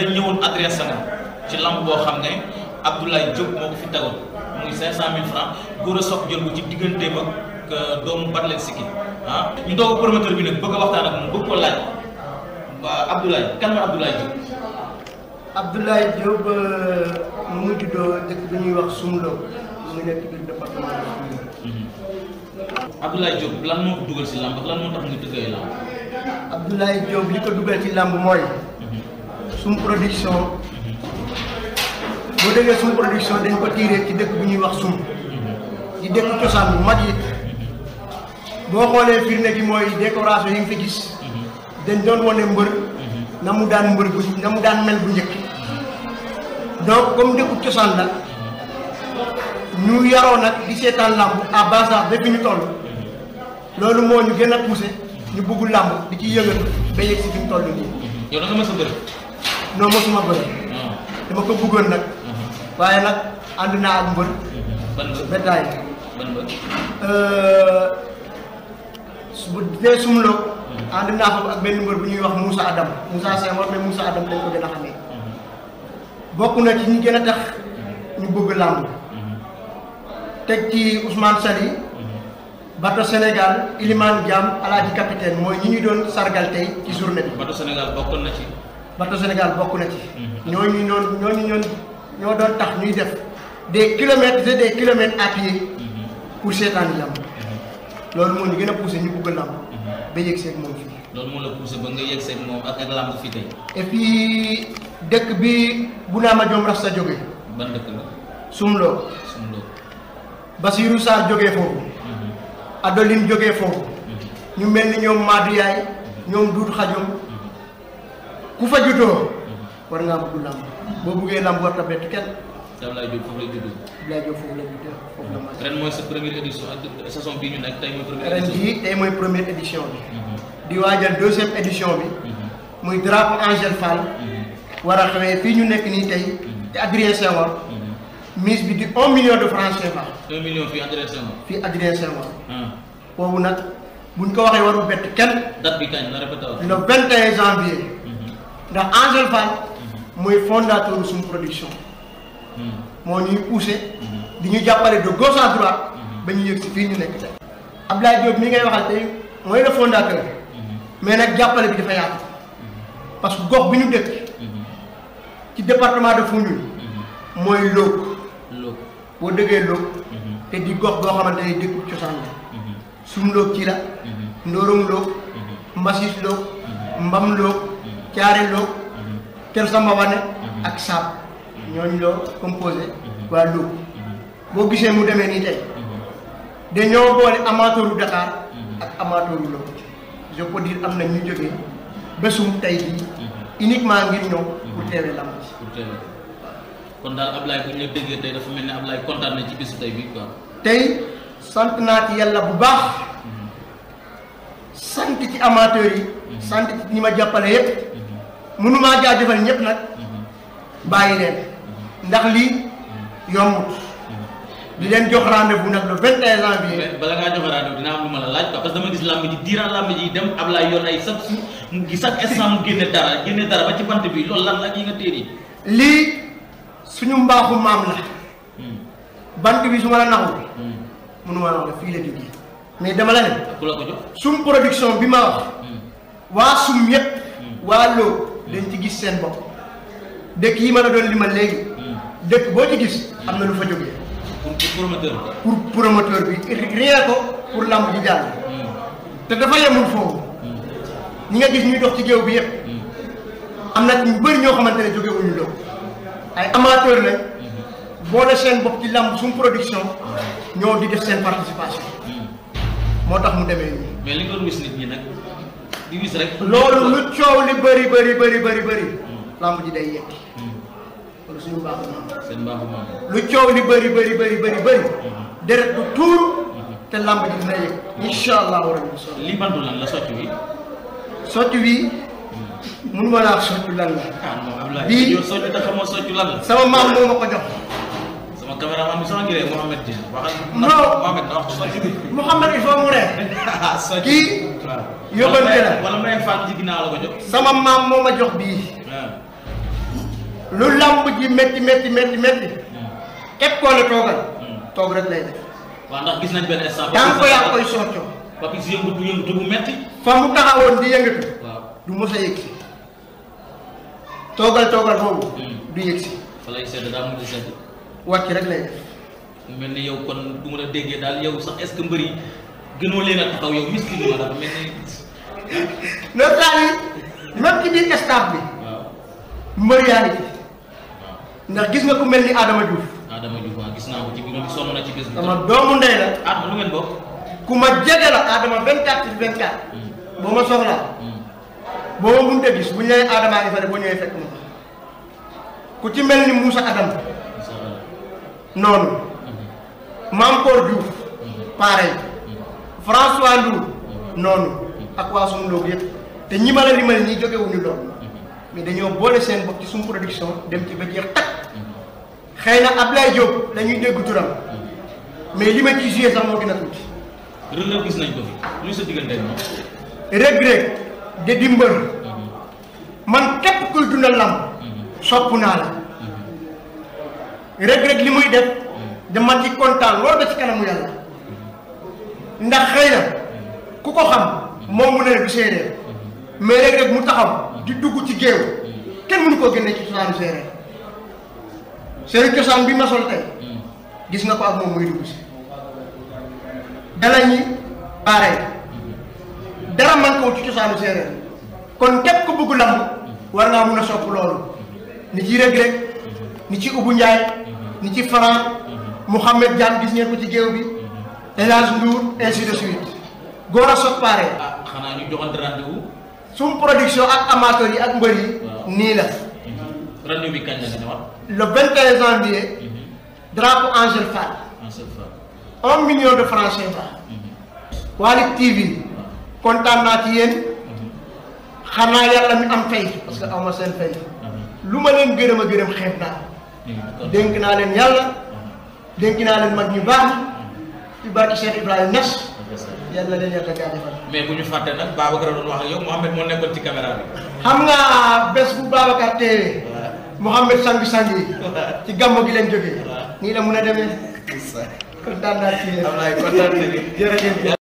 dañ ñëwoon adressé na ci lamb boo xam ne Abdoulaye Diop moo ko fi tegoon muy 500000 francs Gora Sock jël ko ci digganteem ak euh, doomu Barlet Siki ah. ñu promoteur bi nag bëgg a waxtaan ak moom bëgg ko laaj euh, mu ngi juddoo ñuy wax Sumlo mu ngi nekk biir département de mhm. Abdoulaye Diop lan moo si lamb ak lan moo li ko dugal ci lamb mooy. Mhm. suñu production boo déggee suñu production dañ ko tiiree ci dëkk bu ñuy wax sum di dëkk cosaan bu mag yi boo xoolee firnde gi mooy décoration yi nga fi gis dañ doon wane mbër na mu daan mbër bu na mu daan mel bu njëkk donc comme dëkku cosaan la ñu yaroo nag di seetaan làmb à base ba fi ñu toll loolu moo ñu gën a poussé ñu bëgg làmb di ci yëngal ba yegg si fi mu nii. non mosuma bëri. Ah. dama ko bëggoon nag. Uh-huh. waaye nag ànd naa ak mbër. Uh-huh. ban mbër euh, bu dee sum uh-huh. ànd naa ko ak benn mbër bu ñuy wax Moussa Adam Moussa Senghor mais Moussa Adam lañ ko gën a xamee. bokk na ci ñu gën a tax ñu bëgg làmb. teg ci Ousmane Sali. bato Sénégal Ilimane Diam alaaji capitaine mooy ñi ñu doon sargal tey ci journée bi. bato Sénégal bokkoon na ci. bato Sénégal bokk na ci. Mhm. ñooñu ñoo ñooñu ñoo ñoo doon tax ñuy def des kilomètres et des kilomètres à pied mhm. pour seetaan lamb mhm. loolu moo ñu gën a poussé ñu bëgg a ba yëg moo la poussé ba nga yëg seeg moom ak fii tey. et dëkk bi bu naa ma jom raf sa jógee. ban dëkk la. Sumloo. Sumloo. Basirou Sarr jógee foofu. Adoline jógee foofu. ñu mel ni ñoom Madou Yaay. ñoom Doudou Xajom. ku fa juddoo war ngaa bëgg làmb boo buggee làmb war ta bett kenn Abdoulaye Diop foofu la juddoo mooy sa première édition ak saison bii ñu nekk tey mooy première édition ren jii tey mooy première édition bi mhm. di waajal deuxième édition bi mhm. muy drapeau Angel Fall mhm. war a xamee fii ñu nekk nii te Adrien Senghor mise bi di un million de francs CFA un million fii fii Adrien Senghor ah. boobu nag buñ ko waxee warul bett kenn date bi kañ la janvier ndax Angel Fall mooy fondateur suñu production hmm. moo ñuy poussé hmm. di ñu jàppale de gauche à droite hmm. ba ñu yëg si fii ñu nekk tey Abdoulaye Diop mi ngay waxal tey mooy mais nag jàppale bi dafa yaatu parce que gox bi ñu dëkk ci département de Foundiougne mooy Log boo dëggee Log te di gox boo xamante ne dëkk cosaan la sum Log ci la ndóorom Log mbasis Log mbam Log Caare Lo mhm. Kër Samba Wane mhm. ak Saab mhm. ñooñu loo composé waa Louga boo gisee mu demee nii tey dañoo boole amateuru Dakar ak amateuru Lo je peux am na ñu jógee bésum tey jii uniquement ngir ñëw pour teewee lamb ji. kon daal Ablaye bu ñu la déggee tey dafa mel ni Ablaye kontaan na ci bésu tey tey sant naa yàlla bu baax. sant ci amateur yi sant ci ñi ma jàppale yëpp mënumaa jaajëfal ñëpp nag bàyyi leen ndax lii yombut di leen jox rendez-vous nag le 21 janvier. bala ngaa jox rendez-vous dina am lu ma la laaj quoi parce que dama gis làmb ji diiraan làmb ji dem Ablaye yoon ay chaque jour mu sa chaque instant mu génne dara génne dara ba ci bant bi loolu lan la yi nga téere lii suñu mbaaxu maam la. Hmm. bant bi su ma la naxul. Hmm. mënuma la wax fii la jógee. mais dama la ne. Ah, ku la ko jox sum production bi ma wax. Hmm. waa sum yëpp. Hmm. waa loo dañ ci gis seen bopp. dëkk yi man a doon limal léegi. Hmm. dëkk boo ci gis am na lu fa jógee. pour promoteur bi. pour promoteur bi rien ko pour lamb ji jàll. te dafa yemul foofu. ñi nga gis ñuy dox ci géew bi yëpp. am na ñu bëri ñoo xamante ne jóge wuñu loolu. ay amateur lañ. boole seen bopp ci lamb sum production. ñoo di def seen participation. moo tax mu demee nii. mais li nga doon wis nit ñi nag loolu lu coow li bëri bëri bari bëri bëri. lamb day yekki. lu coow li bari bari bari bëri bëri. Hmm. Hmm. Hmm. deret du tuur. te lamb ji dina yëg. incha allah rabbi li bandu lan la socc wi. socc wi. mënuma laa socc lan la. ah moom Abdoulaye. te xamoo socc lan la. sama maam moo ma ko jox. caméra am sama ngiree Mouhamed Dieng waxal. non Mouhamed na wax socc bi. Mouhamed il faut mu ne. socc kii. yóbbante la wala may fànn ci ginnaaw la ko jox. sama maam moo ma jox bii. lu lamb ji métti métti métti métti. képp koo la toogal. Hmm. toog rek lay def. waaw ndax gis nañ benn instant. daa ngi koy ak koy soccoo. Papis yëngatu yëngatu bu métti. fa mu taxawoon di yëngatu. waaw du mos a yëg si. toogal toogal foofu. Hmm. du yëg si. fa lay sedd daa mujj sedd. wàcc rek lay mu mel ni yow kon bu ma la déggee daal yow sax est mbër yi gënoo leen a taxaw yow miskin ma dafa mel ni. bi. waaw ndax gis nga ku mel ni aadama Diouf. Adama Diouf waaw gis naa ko ci ci bés bi. sama doomu ah, ma jege la Adama 24 sur 24. Hmm. boo ma soxlaa. Hmm. gis bu ñu nee Adama a ngi ñëwee fekk ma ku ci mel ni Moussa Adam. noonu Mampoor Diouf pareil François Ndour noonu ak waa suñu loolu yëpp te ñi ma la limal ñi jógewuñu loolu mais dañoo boole seen bopp ci suñu production dem ci ba yëpp takk xëy na Ablaye Diop la ñuy dégg turam mais li ma ci joué sax moo gën a tuuti. relève gis nañ ko fi lu sa diggante ak moom. Reug de di mhm. man képp kuy dundal lamb mhm. sopp naa la. rëg-rëg li muy def dama ci kontaan loolu ba ci kanamu yàlla ndax xëy na ku ko xam moom mu ne du séeréer mais rëg-rëg mu taxaw di dugg ci géew kenn mënu koo génne ci cosaanu séeréer séeréer cosaan bi ma sol tey gis nga ko am moom muy dugg si dala ñi baaree dara man ko ci cosaanu séeréer kon képp ku bëgg lamb war ngaa mun a sopp loolu ni ci rëg-rëg ni ci ubu njaay ni ci Franc Mouhamed jan gis ngeen ko ci géew bi mhm. El Hadj Ndour ainsi de suite Gora Sock pare ah xanaa production ak amateur yi ak mbër yi nii la mhm. le 21 janvier mhm. drapeau Angel Angel Fall un million de francs CFA Walid TV kontaan naa ci yéen xanaa yàlla mi am fay parce que aw ma seen fay lu ma leen gërëm a gërëm xeeb naa dénk naa leen yàlla dénk naa leen mag ñu baax ci barke Cheikh Ibrahima Niass yàlla leen yàlla gaa defal mais bu ñu fàtte nag Babacar doon wax ak yow Mouhamed moo nekkoon ci caméra bi xam nga bés bu Babacar teewee Mouhamed sangi sangi ci gàmmu gi leen jógee nii la mun a demee kontaan naa ci yéen am naa kontaan jërëjëf